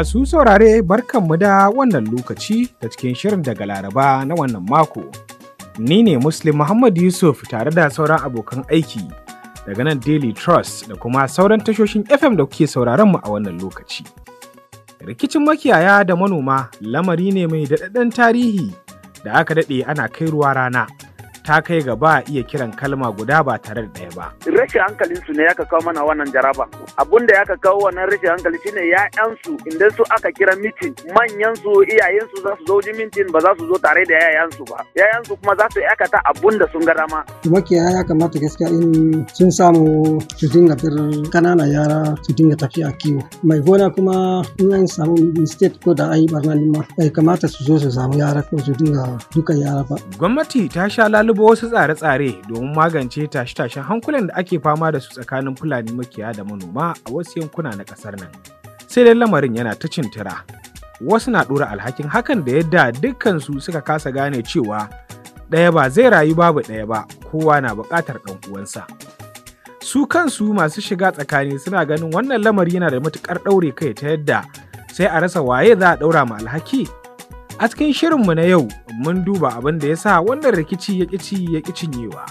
Masu saurare barkanmu da wannan lokaci da cikin shirin daga Laraba na wannan mako. Ni ne Muslim Muhammad Yusuf tare da sauran abokan aiki daga nan Daily Trust da kuma sauran tashoshin FM da kuke sauraron mu a wannan lokaci. Rikicin makiyaya da manoma lamari ne mai daɗaɗɗen tarihi da aka daɗe ana kai ruwa rana. ta kai ga ba iya kiran kalma guda ba tare da ɗaya ba. Rashin hankalin su ne ya kawo mana wannan jaraba. Abun da ya kawo wannan rashin hankali shine ya'yansu idan su aka kira mitin manyan su iyayen su za su zo ji mitin ba za su zo tare da yayansu ba. Yayansu kuma za su aikata abun da sun ga dama. Makiyaya ya kamata gaskiya in sun samu su dinga bir kanana yara su dinga tafiya kiwo. Mai gona kuma in an samu state ko da an yi barna ma bai kamata su zo su samu yara ko su dinga duka yara ba. Gwamnati ta sha lalubu lalubo wasu tsare-tsare domin magance tashe-tashen hankulan da ake fama da su tsakanin Fulani makiya da manoma a wasu yankuna na ƙasar nan. Sai dai lamarin yana ta cintira. Wasu na ɗora alhakin hakan da yadda dukkansu suka kasa gane cewa ɗaya ba zai rayu babu ɗaya ba kowa na buƙatar ɗan uwansa. Su kansu masu shiga tsakani suna ganin wannan lamari yana da matuƙar ɗaure kai ta yadda sai a rasa waye za a ɗaura ma alhaki A cikin shirinmu na yau mun duba abin da ya sa wannan rikici ya kici ya ƙi cinyewa.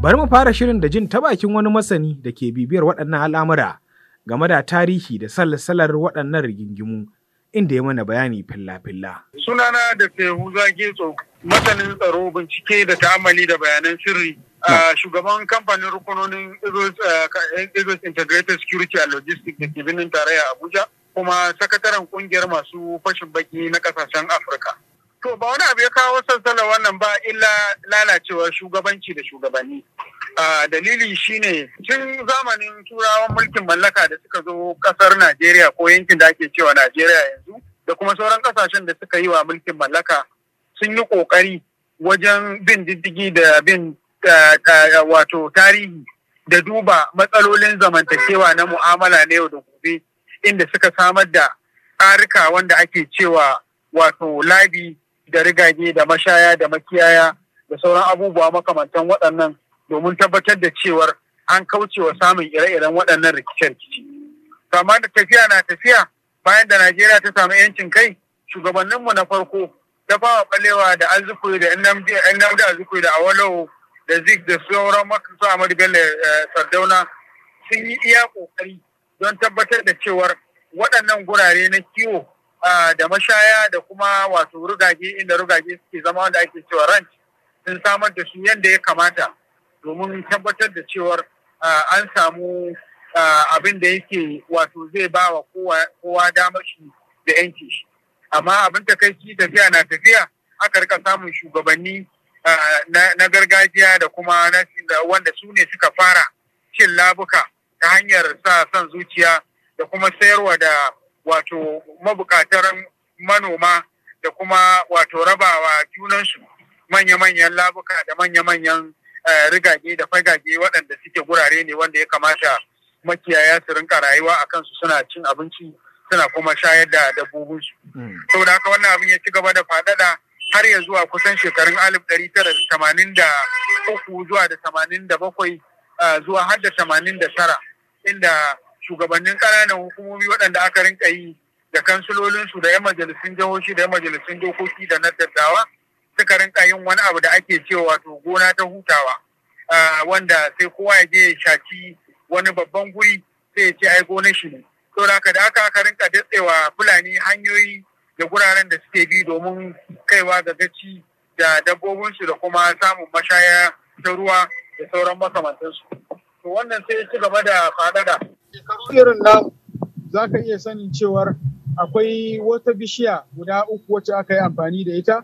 Bari mu fara shirin da jin ta bakin wani masani da ke bibiyar waɗannan al'amura game da tarihi da salsalar waɗannan rigingimu inda ya mana bayani filla-filla. Sunana da huza Getso, matanin tsaro bincike da ta'amali da bayanan sirri. Ah, shugaban kamfanin rukunonin Eagles ah, eh, Integrated Security and Logistics da ke birnin tarayya Abuja, kuma sakataren kungiyar masu fashin baki na kasashen Afirka. To ba wani abu ya kawo sassala wannan ba illa lalacewar shugabanci da shugabanni. dalili shine tun zamanin turawan mulkin mallaka da suka zo kasar Najeriya ko yankin da ake cewa Najeriya yanzu da kuma sauran kasashen da suka yi wa mulkin mallaka sun yi kokari wajen bin diddigi da bin wato tarihi da duba matsalolin zamantakewa na mu'amala na yau da gobe inda suka samar da tsarika wanda ake cewa wato labi da rigage da mashaya da makiyaya da sauran abubuwa makamantan waɗannan domin tabbatar da cewar an kauce wa samun ire-iren waɗannan rikice-rikice. Kama da tafiya na tafiya bayan da Najeriya ta samu 'yancin kai shugabanninmu na farko ta fama balewa da arzikuri da nnamdi arzikuri da awalowo da zik da sauran makasu amadu bello eh, sardauna sun yi iya ƙoƙari don tabbatar da cewar waɗannan gurare na kiwo da mashaya da kuma wato rugage inda rugage suke zama wanda ake cewa ranch sun samar da su yadda ya kamata domin tabbatar da cewar an samu abin da yake wato zai ba wa kowa damar shi da yanki shi amma abin takaici tafiya na tafiya aka rika samun shugabanni na gargajiya da kuma wanda su ne suka fara cin labuka ta hanyar sa son zuciya da kuma sayarwa da wato mabukatar manoma da kuma wato rabawa junansu manya-manyan labuka da manya-manyan eh, rigage da fagage waɗanda suke gurare ne wanda ya kamata makiyaya su rinka rayuwa a kansu suna cin abinci suna kuma shayar da dabbobinsu. Hmm. Saboda haka wannan abin ya ci gaba da faɗaɗa har ya zuwa kusan shekarun alif ɗari tara da tamanin da uku zuwa da tamanin da bakwai eh, zuwa har da tamanin da tara inda shugabannin ƙananan hukumomi waɗanda aka rinka yi da kansulolinsu da 'yan majalisun jihohi da 'yan majalisun dokoki da na dattawa suka rinka yin wani abu da ake cewa to gona ta hutawa wanda sai kowa ya je ya shaci wani babban guri sai ya ce ai gona shi ne to haka da aka aka rinka datsewa fulani hanyoyi da guraren da suke bi domin kaiwa ga gaci da dabbobinsu da kuma samun mashaya ta ruwa da sauran makamantansu. to wannan sai ci gaba da fadada shekaru irin nan za ka iya sanin cewar akwai wata bishiya guda uku wacce aka yi amfani da ita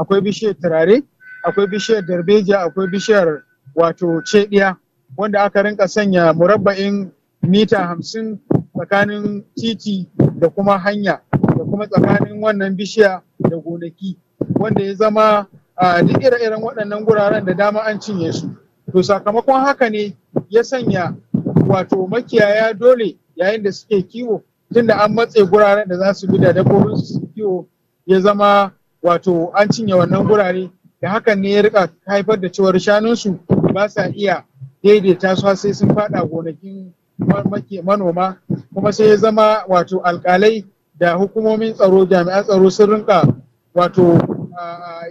akwai bishiyar turare akwai bishiyar darbejiya akwai bishiyar wato cediya wanda aka rinka sanya murabba'in mita hamsin tsakanin titi da kuma hanya da kuma tsakanin wannan bishiya da gonaki wanda ya zama a ah, duk ire-iren waɗannan guraren da dama an cinye su to sakamakon haka ne ya sanya wato makiyaya dole yayin da suke kiwo tunda an matse guraren da za su bi da dabbobin su kiwo ya zama wato an cinye wannan gurare da hakan ne ya rika haifar da cewar shanunsu ba sa iya daidaita su sai sun fada gonakin manoma kuma sai ya zama wato alkalai da hukumomin tsaro jami'an tsaro sun rinka wato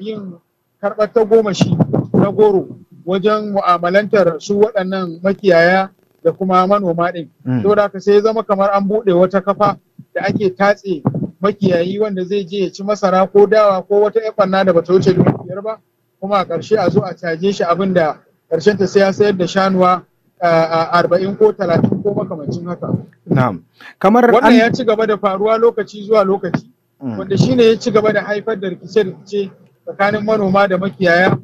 yin karɓar ta goma shi na goro wajen mu'amalantar su waɗannan makiyaya da kuma manoma ɗin. Mm. Saboda ka sai zama kamar an buɗe wata kafa da ake tatse makiyayi wanda zai je ya ci masara ko dawa ko wata ɓanna da bata wuce dubu biyar ba kuma a ƙarshe a zo a caje shi abin da ƙarshen ta sai ya sayar da shanuwa arba'in ko talatin ko makamancin haka. Kamar wannan ya ci gaba da faruwa lokaci zuwa lokaci. Mm. Wanda shine ya ci gaba da haifar da rikice-rikice tsakanin manoma da makiyaya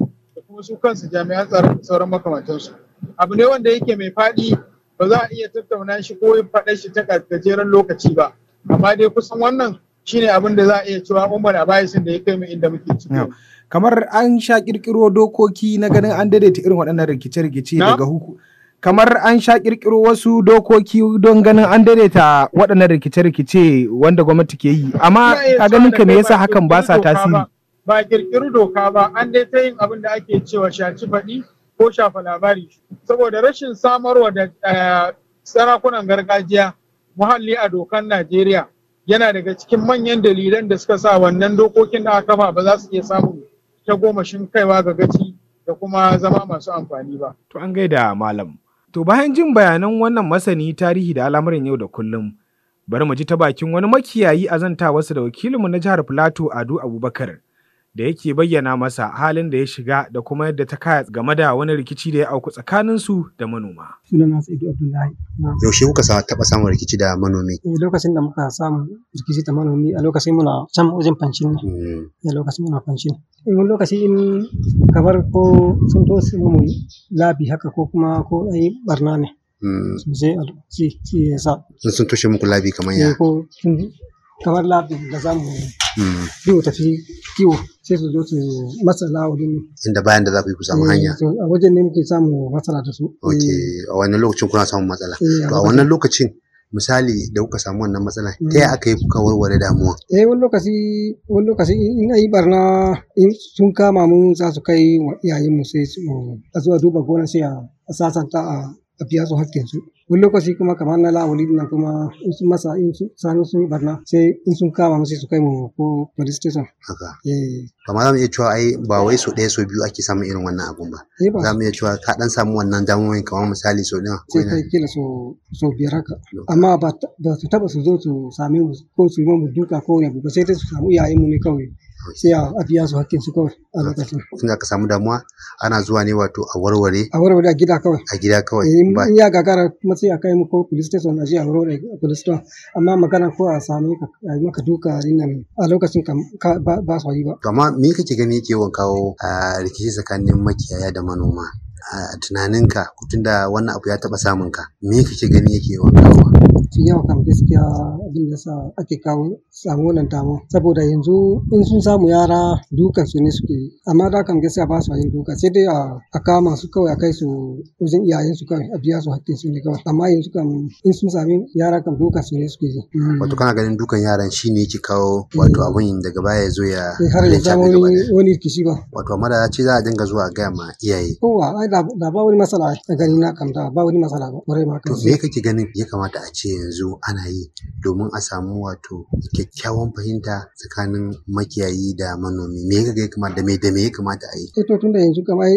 kuma su kansu jami'an tsaron sauran makamantansu abu ne wanda yake mai faɗi ba za a iya tattauna shi ko faɗa shi ta gajeren lokaci ba amma dai kusan wannan shine abin da za a iya cewa umar abayisin da ya kai mu inda muke ciki kamar an sha kirkiro dokoki na ganin an daidaita irin waɗannan rikice-rikice daga huku kamar an sha kirkiro wasu dokoki don ganin an daidaita waɗannan rikice-rikice wanda gwamnati ke yi amma a ganin ka me yasa hakan ba sa tasiri ba kirkiri doka ba an dai ta yin abin da ake cewa shaci faɗi ko shafa labari saboda rashin samarwa da eh, sarakunan gargajiya muhalli a dokan najeriya yana daga cikin manyan dalilan da suka sa wannan dokokin da aka kafa ba za su iya samun ta gomashin kaiwa ga gaci da kuma zama masu amfani ba. To an gaida malam. To bayan jin bayanan wannan masani tarihi da alamarin yau da kullum, bari mu ji ta bakin wani makiyayi a wasu da wakilinmu na jihar Filato Ado Abubakar. da yake bayyana masa halin da ya shiga da kuma yadda ta kaya game da wani rikici da ya auku tsakanin su da manoma. Sunana Sa'idu Abdullahi. Yaushe kuka taɓa samun rikici da manomi? Eh, lokacin da muka samu rikici da manomi a lokacin muna can wajen fancin ne. Hmm. lokacin muna fancin. Eh, wani lokaci in kamar ko sun to su mu labi haka ko kuma ko ai barna ne. Hmm. Sun Sai sun tushe muku labi kamar ya. Eh, ko kamar labin da za mu yi hmm. mu tafi kiwo sai su zo su masala wajen inda bayan da za ku yi ku samu eh, hanya a wajen ne muke samu matsala da su eh. a wannan lokacin kuna samun matsala eh, to a wannan lokacin misali da kuka samu wannan matsala hmm. ta yaya aka yi kuka warware damuwa eh wani lokaci wani lokaci in yi barna in sun kama mun za su kai wa iyayen mu sai su a zuwa duba gona sai a sasanta a a biya su hakkin su wani lokaci kuma kamar na lawali na kuma in sun masa in sun sanu sun yi barna sai in sun kama masu su kai mu ko police station haka eh kamar zamu iya cewa ai ba wai so ɗaya so biyu ake samun irin wannan abun ba eh zamu iya cewa ka dan samu wannan damuwoyin kamar misali so ɗaya sai kai kila so so biyar haka amma ba su taba su zo su same mu ko su yi mu duka ko wani abu ba sai dai su samu iyayen mu ne kawai sai a biya su hakkin su kawai a lokacin tun aka samu damuwa ana zuwa ne wato a warware a warware a gida kawai a gida kawai eh, in ya gagara kuma sai a kai mu ko police station a je a warware police station amma magana ko a sami ka maka duka nan a lokacin ka ba su yi ba to amma me kake gani yake wan kawo rikici tsakanin makiyaya da manoma a tunaninka tunda wannan abu ya taba samun ka me kake gani yake wan kawo su yawa kan gaskiya abin da ya sa ake kawo samu wannan damuwan saboda yanzu in sun samu yara dukan su ne suke yi amma da kan gaskiya ba sa yin duka sai dai a kama su kawai a kai su wajen iyayen su kawai a biya su hakkin su ne kawai amma yanzu kam in sun sami yara kam dukan su ne suke yi. Hmm. wato kana ganin dukan yaran shi ne yake kawo wato hmm. abun daga baya ya zo ya eh, har ya zama wani rikici ba. wato amma da ce za a dinga zuwa a gaya ma iyaye. kowa ai da ba wani matsala a gani na kam da ba wani matsala ba. ma to me kake ganin ya kamata a ce yanzu ana yi domin a samu wato kyakkyawan fahimta tsakanin makiyayi da manomi me ya kamata da me da me ya kamata a yi. Eh tunda yanzu kamar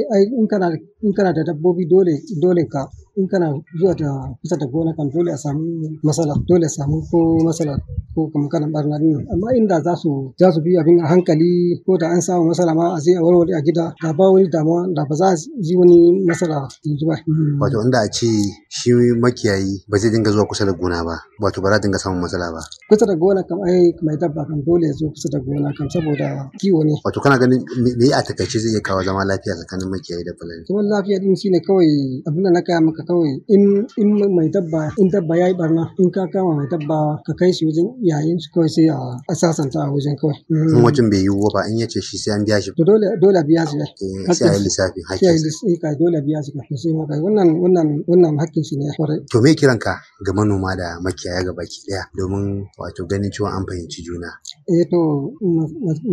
in kana da dabbobi dole dole ka in kana zuwa ta kusa da gona kan dole a samu matsala dole a samu ko matsala ko kuma kana barna din amma inda za su za su bi abin a hankali ko da an samu matsala ma a zai a warware a gida ga ba wani damuwa da ba za a ji wani matsala yanzu ba hmm. wato inda a ce shi makiyayi ba zai dinga zuwa kusa da gona ba wato ba za dinga samun matsala ba kusa da gona kam ai mai dabba kan dole ya zo kusa da gona kam saboda kiwo ne wato kana ganin me a takaice zai iya kawo zama lafiya tsakanin makiyayi da fulani Kuma lafiya din shine kawai abin da na kaya maka kawai in in mai dabba in dabba yayi barna in ka kama mai dabba ka kai shi wajen yayin shi kawai sai a sasanta a wajen kawai in mm. wajen bai yiwu ba in yace shi sai an biya shi to dole dole biya shi eh, sai ayi lissafi hakkin sai eh, ka dole biya shi kafin sai maka wannan wannan wannan hakkin shi ne kwarai to me kiranka ga manoma da makiyaya gabaki daya domin wato ganin cewa an fahimci juna Eh to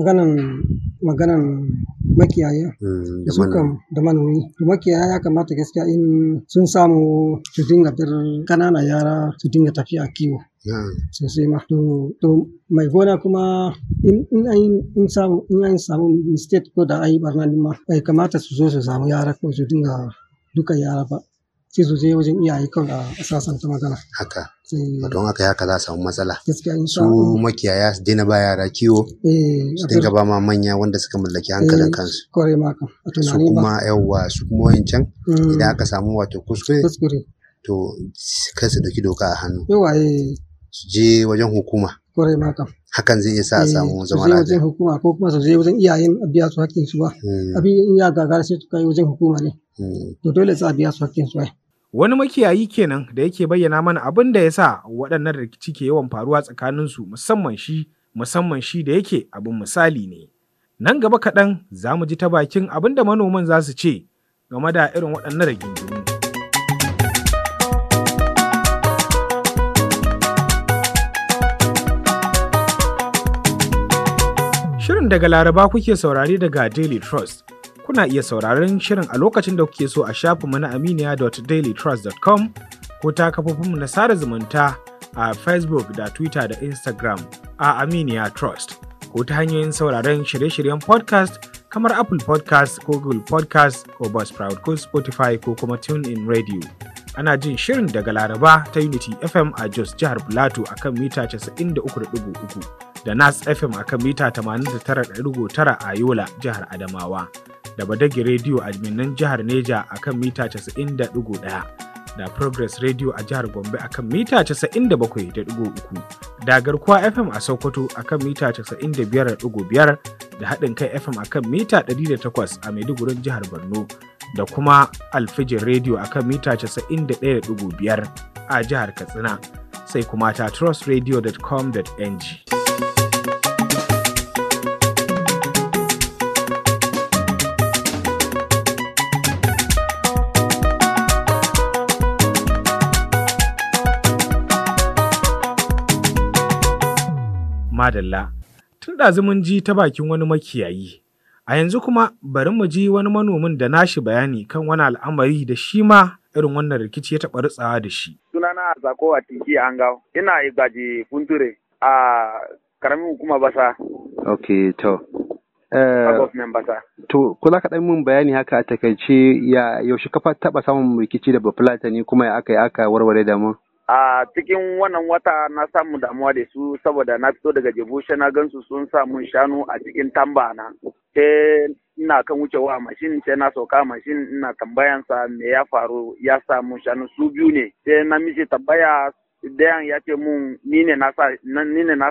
maganan, maganan makiyaya mm, da su da manomi. To makiyaya ya kamata gaskiya in sun samu su dinga bar ƙanana yara su dinga tafiya kiwo. Mm. Sosai ma. To, to mai gona kuma in in an in samu in samu ko da ayi yi ma bai kamata su zo su samu yara ko su dinga dukan yara ba. sai su je wajen iyaye kan a ta magana haka don haka haka za a samu matsala su makiyaya su dina ba yara kiwo eh, su dinga ba ma manya wanda suka mallaki hankalin eh, kansu su kuma yawwa su kuma can. Mm. idan aka samu wato kuskure to kai su dauki doka a hannu eh. su je wajen hukuma kwarai ma hakan zai iya sa a samu zama lafiya wajen hukuma ko kuma su je wajen iyayen a biya su hakkin su ba hmm. Abi in ya gagara sai su kai wajen hukuma ne hmm. to dole sa a biya su hakkin su ai Wani makiyayi kenan da yake bayyana mana abin da ya sa waɗannan rikici ke yawan faruwa tsakaninsu musamman shi musamman shi da yake abin misali ne. Nan gaba kaɗan za mu ji ta bakin abin da manoman za su ce game da irin waɗannan rigingimu. Shirin daga Laraba kuke saurari daga Daily Trust. Kuna iya sauraron shirin a lokacin da kuke so a shafinmu na aminiya.dailytrust.com ko ta kafofinmu na sada zumunta a Facebook da Twitter da Instagram a Aminiya Trust ko ta hanyoyin sauraron shirye-shiryen podcast kamar Apple podcast ko Google podcast ko Buzzsprout ko Spotify ko kuma TuneIn Radio. Ana jin shirin daga Laraba ta Unity FM a Jos Jihar Plateau kan mita 93.3 da Nas FM a kan mita 89.9 a Yola Jihar Adamawa. da Badagi Radio a Minnan jihar Neja a kan mita 90.1 da Progress Radio a jihar Gombe a kan mita 97.3 da Garkuwa FM a Sokoto a kan mita 95.5 da haɗin kai FM a kan mita 108 a Maiduguri jihar Borno da kuma Alfijin Radio a kan mita 91.5 a jihar Katsina sai kuma ta trustradio.com.ng. madalla. Tun ɗazu mun ji ta bakin wani makiyayi. A yanzu kuma bari mu ji wani manomin da nashi bayani kan wani al'amari da shi ma irin wannan rikici ya taɓa rutsawa da shi. Sunana Zako a Tinki Angau, ina Igaji Kunture a karamin hukuma basa. Ok, to. Eh, to, kula kaɗan mun bayani haka a takaice ya yaushe kafa taɓa samun rikici da Bafulatani kuma ya aka yi aka warware da mu? a cikin wannan wata na samu damuwa da su saboda na fito daga jebushe na gansu sun samu shanu a cikin tamba na sai ina kan wucewa a mashin ce na sauka mashin ina tambayansa me ya faru ya samu shanu su biyu ne sai na mishi tambaya dayan ya ce mun ni ne na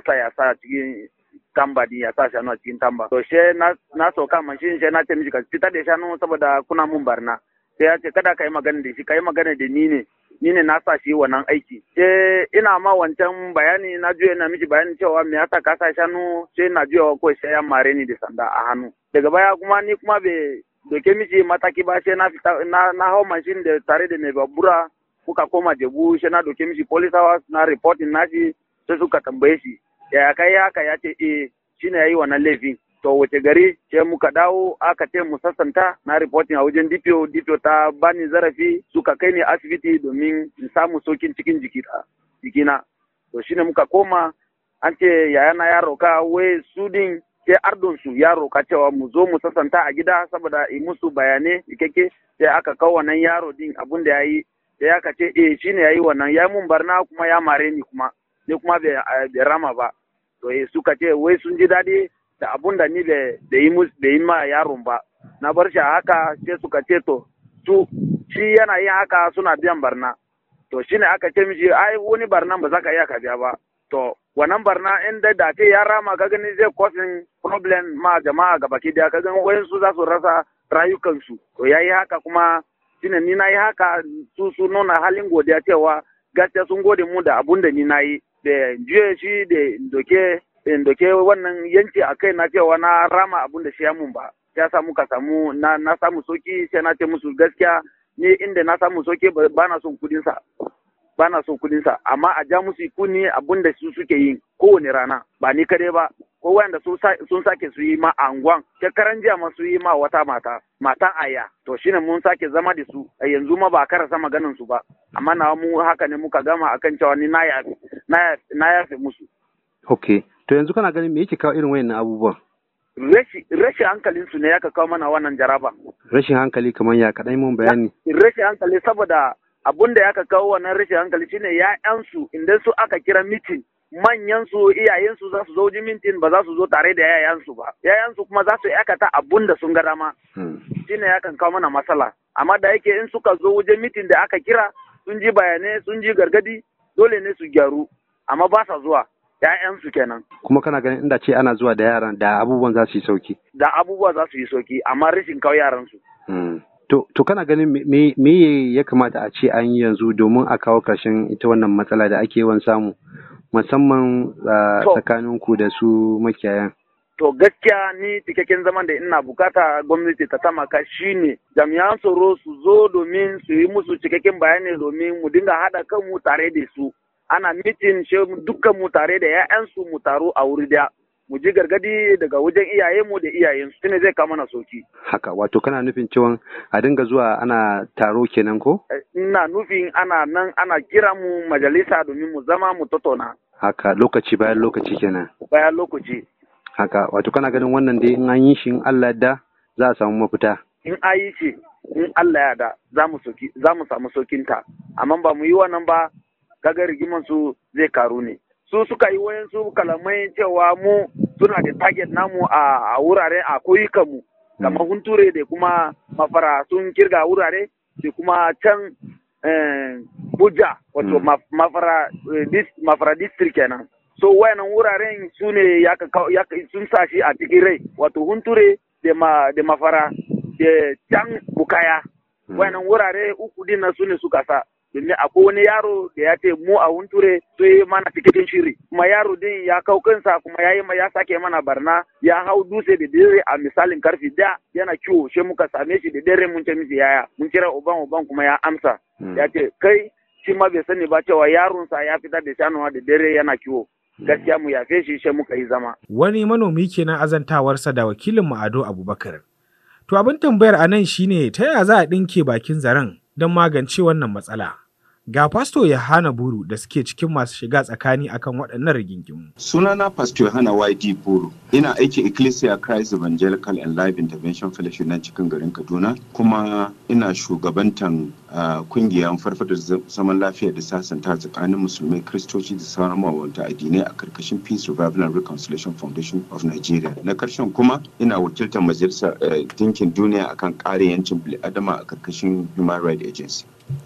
sa ya sa cikin tamba din ya sa shanu a cikin tamba to she na sauka mashin she na ce mishi ka fitar da shanu saboda kuna mun barna sai ya ce kada ka yi magana da shi ka yi magana da ni ne ni ne na sa shi wannan aiki. Eh ina ma wancan bayani na juya na miji bayani cewa me yasa ka sa shanu sai na juya ko sai ya mare ni da sanda a hannu. Daga baya kuma ni kuma be doke miji mataki ba sai na fita na, na hau mashin da tare da mai babura kuka koma jebu sai na doke miji police hours na reporting shi sai suka tambaye shi yaya kai haka ya ce eh shine yayi wannan laifin to wace gari ce muka dawo aka ce mu sassanta na reporting a wajen DPO DPO ta bani zarafi suka kai ni asibiti domin in samu sokin cikin jikina to shine muka koma an ce yayana ya roka wai su din sai ardonsu ya roka cewa mu zo mu sassanta a gida saboda in musu bayanai ikeke sai aka kawo wannan yaro din abin da ya yi sai aka ce eh shine ya yi wannan ya mun barna kuma ya mare ni kuma ni kuma bai rama ba to eh, suka ce wai sun ji daɗi da abun da ni da yi ma yaron ba na bar shi a haka sai suka ce to su shi yana yin haka suna biyan barna to shi ne aka ce mishi ai wani barna ba za ka iya ka biya ba to wannan barna in dai da ce ya rama ka gani zai causing problem ma jama'a ga baki daya ka gani su za su rasa rayukansu to ya yi haka kuma shi ne ni na yi haka su su nuna halin godiya cewa gaskiya sun gode mu da abun da ni na yi da juye shi da doke in doke wannan yanci a kai na cewa na rama abun da shi ya mun ba ya samu ka samu na, na samu soki sai na ce musu gaskiya ni inda na samu soki ba na son kudin sa ba na son kudin sa amma a ja musu kuni abun da su suke yi kowane rana ba ni kadai ba ko wanda sun sake su yi ma anguwan shekaran jiya ma su yi ma wata mata matan aya to shine mun sake zama da su a yanzu ma ba karasa maganin su ba amma na mu haka ne muka gama akan cewa ni na yafe na ya musu okay To yanzu kana ganin me yake kawo irin wayannan abubuwan? Rashin hankalin su ne ya kawo mana wannan jaraba. Rashin hankali kamar ya kaɗai mun bayani. Rashin hankali saboda abun da ya kawo wannan rashin hankali shine ya'yansu idan su aka kira mitin manyan su iyayen su za su zo wajen mitin ba za su zo tare da yayan su ba yayan su kuma za su yakata abun da sun ga dama hmm. shine ya kan kawo mana matsala amma da yake in suka zo wajen mitin da aka kira sun ji bayanai sun ji gargadi dole ne su gyaru amma ba sa zuwa ƴaƴansu kenan kuma kana ganin inda ce ana zuwa da yaran da abubuwan za su yi sauki da abubuwa za su yi sauki amma rashin kawo yaransu. Hmm. To, to kana ganin me, me ya kamata a ce an yi yanzu domin a kawo ƙarshen ita wannan matsala da ake yawan samu musamman tsakanin ku da su makiyayan? To gaskiya ni cikakken zaman da ina bukata gwamnati ta tamaka shine jami'an tsaro su zo domin su yi musu cikakken bayani domin mu dinga haɗa kanmu tare da su. ana mitin shi dukkan mu tare da 'ya'yansu mu taro a wuri daya mu ji gargadi daga wajen iyaye mu da iyayen su ne zai kama na soki haka wato kana nufin cewa a dinga zuwa ana taro kenan ko eh, ina nufin ana nan ana kira mu majalisa domin mu zama mu tattauna haka lokaci bayan lokaci kenan bayan lokaci haka wato kana ganin wannan dai in an yi shi in Allah ya da za a samu mafita in an yi shi in Allah ya da za mu za mu samu sokinta amma ba mu yi wannan ba kaga rigiman su zai karu ne su suka yi su kalamai cewa mu suna da target namu a wurare a mu kamar mm. hunture da kuma mafara sun kirga wurare da kuma can eh, buja wato mm. eh, mafara district kenan so wayannan wuraren su ne sun sa shi a cikin rai wato hunture da mafara da can bukaya mm. wayannan wurare uku din su ne suka sa domin akwai wani yaro da ya ce mu a hunture sai mana tikitin shiri kuma yaro din ya kau kansa kuma ya yi ma ya sake mana barna ya hau dutse da dare a misalin karfi da yana kiwo sai muka same shi da dare mun ce miki yaya mun kira uban uban kuma ya amsa hmm. ya ce kai shi ma bai sani ba cewa sa ya fitar da shanuwa da dare yana kiwo hmm. gaskiya mu yafe shi sai muka yi zama. Wani manomi kenan azantawarsa da wakilin mu Ado Abubakar. To abin tambayar a nan shine ta yaya za a ɗinke bakin zaren don magance wannan matsala. Ga Fasto Yohana Buru da suke cikin masu shiga tsakani akan waɗannan rigingimu. Sunana Fasto Yohana YD Buru, ina aiki Ecclesia Christ Evangelical and Life Intervention Fellowship na cikin garin Kaduna, kuma ina shugabantan kungiyar farfadar zaman lafiya da sasanta tsakanin musulmai, kristoci da sauran mawanta addinai a karkashin Peace Revival and Reconciliation Foundation of Nigeria. Na karshen kuma ina wakiltar majalisar dinkin eh, duniya akan ƙare yancin bil'adama a karkashin Human Rights Agency.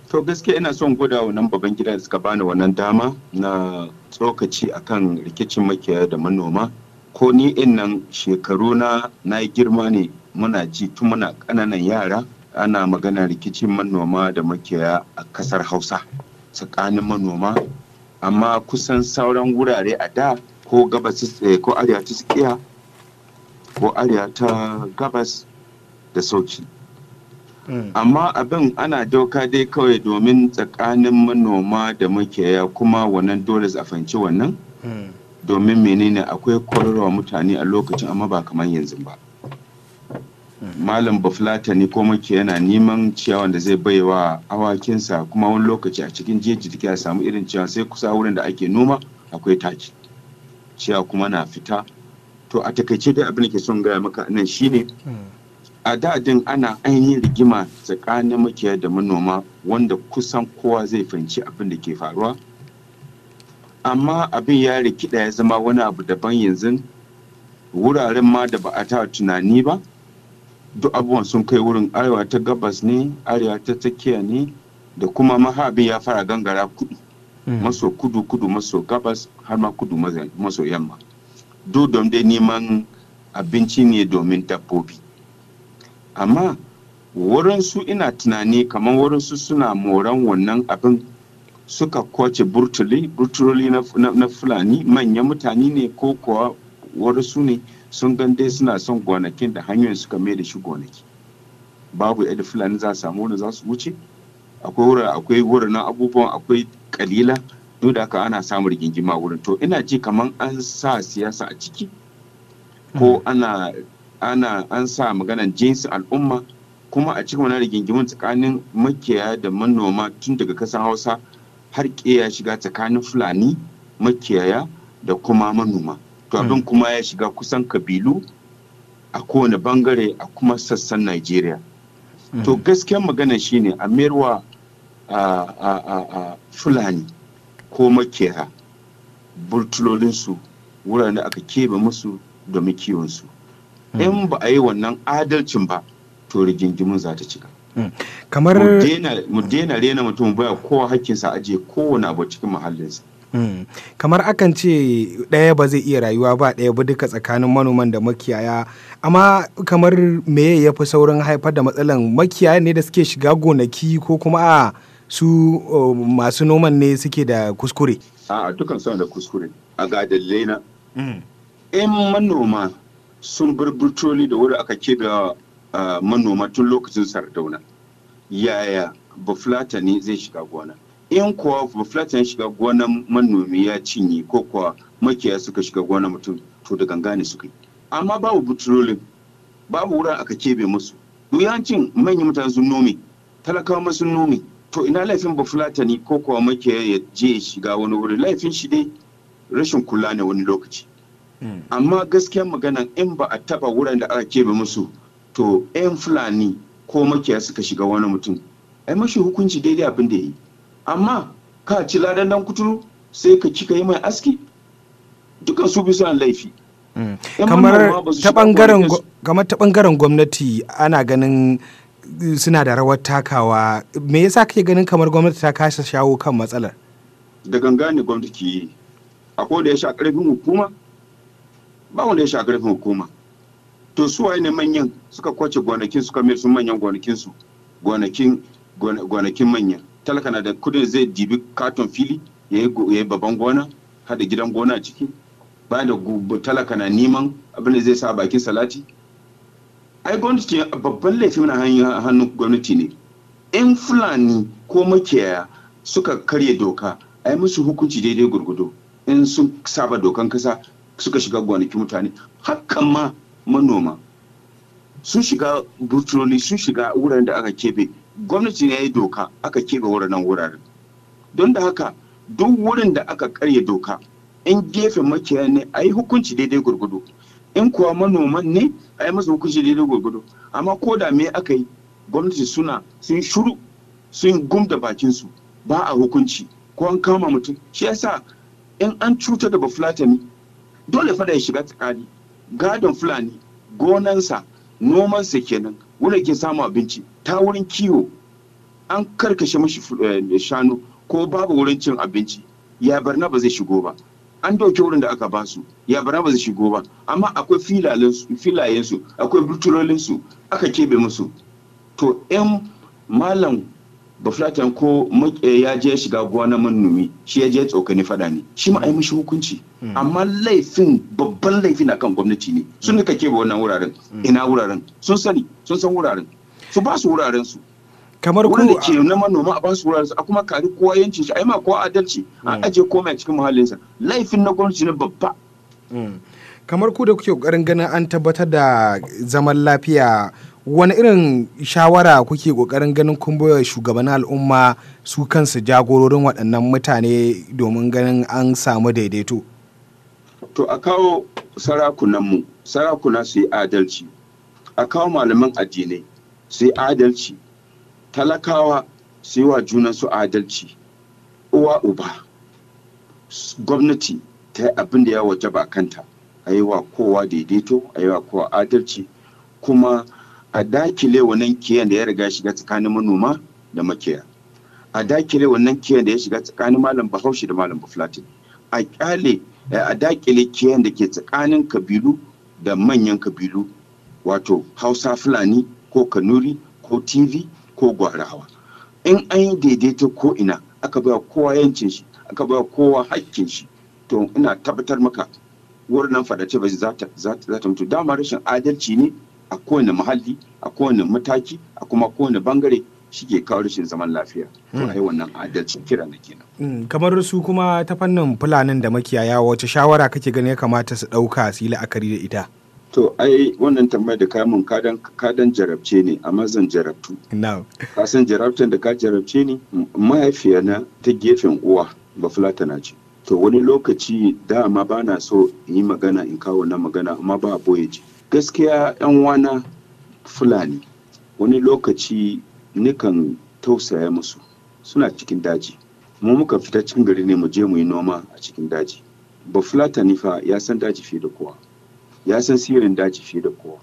To gaskiya ina son gwada wannan babban gida da suka bani wannan dama na tsokaci a kan rikicin makiyaya da manoma. Ko ni in nan shekaru na na girma ne muna ji tun muna ƙananan yara ana magana rikicin manoma da makiyaya a ƙasar Hausa tsakanin manoma. Amma kusan sauran wurare a da ko gabas eh, ko arewa ta tsakiya ko arewa ta gabas da sauki amma abin ana doka dai kawai domin tsakanin manoma da makiyaya kuma wannan dole a wannan domin menene akwai kwararwa mutane a lokacin amma ba kamar yanzu ba malam ne ko muke yana neman ciyawan da zai baiwa awakinsa kuma wani lokaci a cikin jeji da ya samu irin ciyawa sai kusa wurin da ake noma akwai taki ciyawa kuma na fita to a takaice dai abin da ke son gaya maka nan shine hmm. a da din ana ainihin rigima tsakanin makiya da manoma wanda kusan kowa zai fahimci abin da ke faruwa amma abin ya rikida ya zama wani abu daban yanzu wuraren ma da ba a ta tunani ba duk abubuwan sun kai wurin arewa ta gabas ne arewa ta tsakiya ne da kuma mahabin ya fara gangara kudu hmm. maso kudu kudu maso gabas har ma kudu maso yamma duk dai neman abinci ne domin dabbobi amma wurinsu ina tunani kamar wurinsu suna moran wannan abin suka kwace burtuli burtuli na, na, na fulani manyan mutane ne ko kuwa wasu ne sun gande suna son gonakin da hanyoyin suka mai da shi gonaki babu yadda fulani za samu wani za su wuce akwai wurin akwai wurin na abubuwan akwai kalila duk da haka ana samun rigingima wurin to ina ji kamar an sa siyasa a ciki ko hmm. ana ana an sa maganan jinsin al'umma kuma a cikin wani rigingimin tsakanin makiyaya da manoma tun daga kasan hausa har ya shiga tsakanin fulani makiyaya da kuma manoma to hmm. abin kuma ya shiga kusan kabilu a kowane bangare a kuma sassan nigeria hmm. To gaskiyar magana shine a merwa a Fulani ko makiyaya burtulolinsu wuraren da aka keɓe musu domin kiwonsu. Mm. in ba a yi wannan adalcin ba to rigingimin za ta cika mm. kamar mu daina rena mutum baya kowa hakkinsa aje kowane abu cikin muhallinsa mm. kamar akan ce ɗaya ba zai iya rayuwa ba ɗaya ba duka tsakanin manoman da makiyaya amma kamar me ya fi saurin haifar da matsalan makiyaya ne da suke shiga gonaki ko kuma a su masu noman ne suke da kuskure a dukan sama da kuskure a ga na in manoma sun bar burtoli da wuri aka ke da manoma tun lokacin sardauna yaya bafulatani zai shiga gona in kuwa bafulatani shiga gona manomi ya cinye ko kuwa makiya suka shiga gona mutum to da ganga ne suka yi amma babu butulolin babu wurin aka kebe musu duyancin manyan mutane sun nome talakawa ma sun nome to ina laifin bafulatani ko kuwa makiya ya je shiga wani wuri laifin shi dai rashin kula ne wani lokaci amma gaskiyar magana in ba a taba wurin da aka keɓe musu to 'yan fulani ko makiya suka shiga wani mutum ai mashi hukunci daidai abin da yi amma ka ci ladan dan kuturu sai ka kika yi mai aski dukan su bisu an laifi mm. kamar ta bangaren gwamnati ana ganin suna da rawar takawa me yasa kake ganin kamar gwamnati ta kasa shawo kan matsalar da ganga ne gwamnati ke yi a da ya sha karfin hukuma ba wanda ya sha karfin hukuma to su waye ne manyan suka kwace gonakin suka mai sun manyan gonakin su gonakin gonakin manya talaka na da kudin zai dibi katon fili ya yi babban gona hada gidan gona ciki ba da talaka na neman abin da zai sa bakin salati ai gwamnati babban laifin na hannun gwamnati ne in fulani ko makiyaya suka karya doka ai musu hukunci daidai gurgudo in sun saba dokan kasa suka shiga gonaki mutane hakan ma manoma sun shiga burtuloni sun shiga wuraren da aka kebe gwamnati ne ya yi doka aka kebe wuraren wuraren don da haka duk wurin da aka karya doka in gefe makiya ne a yi hukunci daidai gurgudu in kuwa manoman ne a yi masa hukunci daidai gurgudu amma ko da me aka yi gwamnati suna sun shuru sun gumda bakinsu ba a hukunci ko an kama mutum shi yasa in an cutar da bafulatani dole fa da ya shiga tsakani gadon fulani gonansa nomansa kenan wurin ke samu abinci ta wurin kiwo an karkashe mashi eh, shanu ko babu wurin cin abinci ya barna ba zai shigo ba an dauke wurin da aka ba su ya barna ba zai shigo ba amma akwai filayensu akwai buturolinsu aka kebe musu to yan malam bafulatan ko eh, ya je shiga gona numi shi ya je tsokani fada ne shi ma mishi hukunci hmm. amma laifin babban laifin akan gwamnati ne sun nika ke wannan wuraren hmm. ina wuraren sun sani sun san wuraren su ba su wuraren su kamar ku wanda ke na manoma a ba su wuraren su a kuma kari kowa yancin shi a yi ma kowa adalci a hmm. aje komai cikin muhallinsa laifin na gwamnati ne babba kamar ku da kuke kokarin ganin an tabbatar da zaman lafiya wani irin shawara kuke kokarin ganin kun shugaban shugabannin al'umma su kansu jagororin waɗannan mutane domin ganin an samu daidaito to a kawo sarakunanmu sarakuna su yi adalci a kawo malaman addinai su yi adalci talakawa su yi wa junansu adalci uwa uba gwamnati ta yi abin da ya waje ba kanta a yi wa kowa daidaito a yi wa kowa adalci kuma a dakile wannan kiyan da ya riga shiga tsakanin manoma da makiya a dakile wannan kiyan da ya shiga tsakanin malam bahaushe da malam buflatin a kyale eh, a dakile kiyan da ke tsakanin kabilu da manyan kabilu wato hausa fulani ko kanuri ko tv ko gwarawa in an yi daidaita ko ina aka bai kowa yancin shi aka bai kowa hakkin shi to ina tabbatar maka wurin nan fadace ba za ta mutu dama rashin adalci ne a kowane muhalli a kowane mataki a kuma kowane bangare shike kawo rashin zaman lafiya to hmm. ai wannan adalci kira na kenan hmm, kamar su kuma ta fannin fulanin da makiyaya wace shawara kake gani ya kamata su ɗauka su yi la'akari da ita to ai wannan tambayar da ka mun kadan kadan jarabce ne amma zan jarabtu ka san jarabtan da ka jarabce ne? mahaifiya na ta gefen uwa ba fulatana ce to wani lokaci dama ba na so in yi magana in kawo na magana amma ba boye ce gaskiya yan wana fulani wani lokaci nikan tausaya musu suna cikin daji mu muka fita cikin gari ne mu je mu yi noma a cikin daji ba fulatani fa ya san daji fiye da kowa ya san sirrin daji fiye da kowa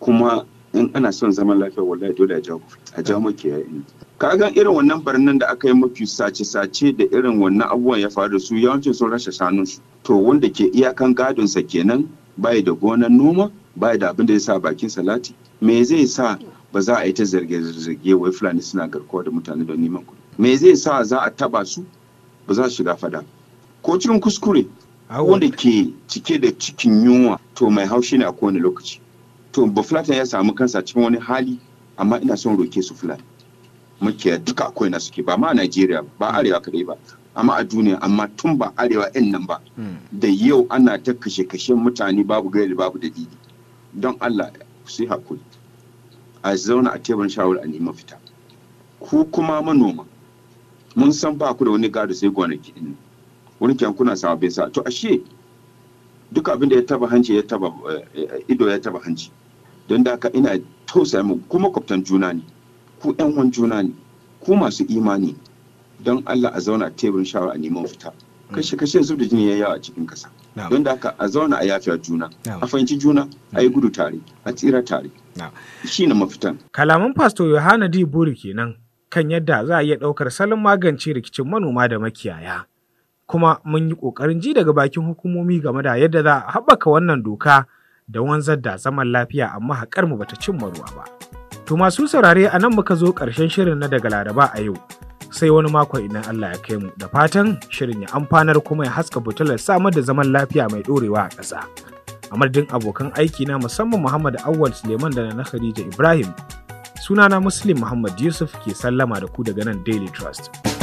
kuma in ana son zaman lafiya wallahi dole a jawo a jawo makiyaye ka ga irin wannan barnan da aka yi mafi sace-sace da irin wannan abubuwan ya faru da su yawancin sun rasa shanun su to wanda ke iyakan gadonsa kenan bai da gonan noma ba da abin da ya sa bakin salati me zai sa ba za a yi ta zarge-zarge wai fulani suna garkuwa da mutane don neman kuɗi me zai sa za a taba su ba za a shiga fada ko cikin kuskure wanda ke cike da cikin yunwa to mai haushi ne a kowane lokaci to ba fulatan ya samu kansa cikin wani hali amma ina son roke su fulani muke duka akwai na suke ba ma a Najeriya ba arewa kadai ba amma a duniya amma tun ba arewa yan nan ba hmm. da yau ana ta kashe-kashen mutane babu gari babu dalili don Allah su yi hakuri a zauna a teburin shawarar a neman fita ku kuma manoma mun san ba ku da wani gado sai gonaki din wurin kyan kuna bai sa to ashe duk abin da ya taba hanci ya taba eh, ido ya taba hanci don da haka ina tausaya mu ku makwabtan juna ne ku yan wan juna ne ku masu imani don Allah a zauna a teburin shawarar a neman fita mm. kashe kashe zub da jini ya yawa a cikin kasa don da haka a zauna a yafiya juna a fahimci juna a yi gudu tare a tsira tare shi ne mafitan kalaman pastor yohana di buri kenan kan yadda za a iya ɗaukar salon magance rikicin manoma da makiyaya kuma mun yi ƙoƙarin ji daga bakin hukumomi game da yadda za a haɓaka wannan doka da wanzar da zaman lafiya amma haƙar mu bata cimma ruwa ba to masu saurare a nan muka zo ƙarshen shirin na daga laraba a yau sai wani mako idan Allah ya kai mu da fatan shirin ya amfanar kuma ya haska butular samar da zaman lafiya mai ɗorewa a ƙasa. A abokan aiki na musamman Muhammad Awwal Suleiman da na Khadija Ibrahim sunana Muslim Muhammad Yusuf ke sallama da ku daga nan Daily Trust.